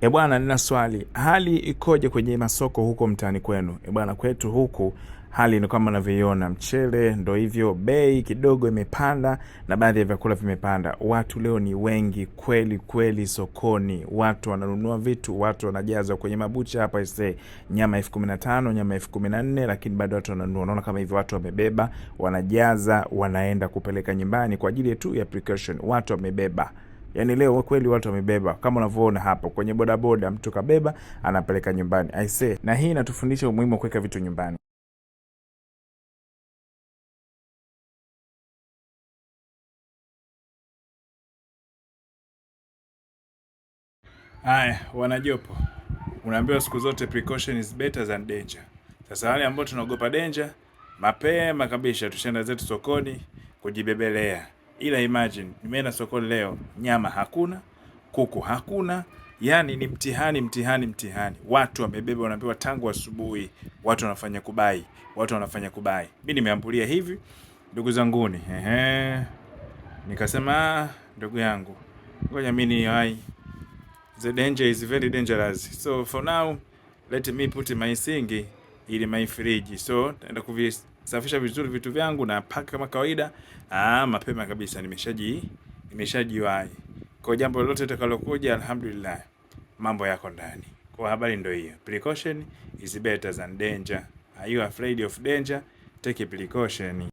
E bwana, nina swali, hali ikoje kwenye masoko huko mtaani kwenu? E bwana, kwetu huku hali ni kama unavyoiona, mchele ndo hivyo, bei kidogo imepanda na baadhi ya vyakula vimepanda. Watu leo ni wengi kweli kweli sokoni, watu wananunua vitu, watu wanajaza kwenye mabucha hapa ise, nyama elfu kumi na tano nyama elfu kumi na nne lakini bado watu wananunua. Unaona kama hivyo, watu wamebeba, wanajaza, wanaenda kupeleka nyumbani kwa ajili tu ya precaution, watu wamebeba Yani leo kweli watu wamebeba, kama unavyoona hapo kwenye bodaboda, mtu kabeba anapeleka nyumbani. I say, na hii inatufundisha umuhimu wa kuweka vitu nyumbani. Haya, wanajopo, unaambiwa siku zote precaution is better than danger. Sasa wale ambao tunaogopa danger, mapema kabisa tushaenda zetu sokoni kujibebelea. Ila imagine nimeenda sokoni leo, nyama hakuna, kuku hakuna, yani ni mtihani, mtihani, mtihani. Watu wamebeba, wanapewa tangu asubuhi, wa watu wanafanya kubai, watu wanafanya kubai. Mi nimeambulia hivi ndugu zanguni, ehe, nikasema ah, ndugu yangu, ngoja mi ni hai The danger is very dangerous. So for now, let me put my singi ili my fridge. So naenda kuvisafisha vizuri vitu vyangu na paka kama kawaida. Ah, mapema kabisa nimeshaji nimeshajiwahi. Kwa jambo lolote litakalokuja, alhamdulillah mambo yako ndani. Kwa habari ndio hiyo. Precaution is better than danger. Are you afraid of danger? Take a precaution.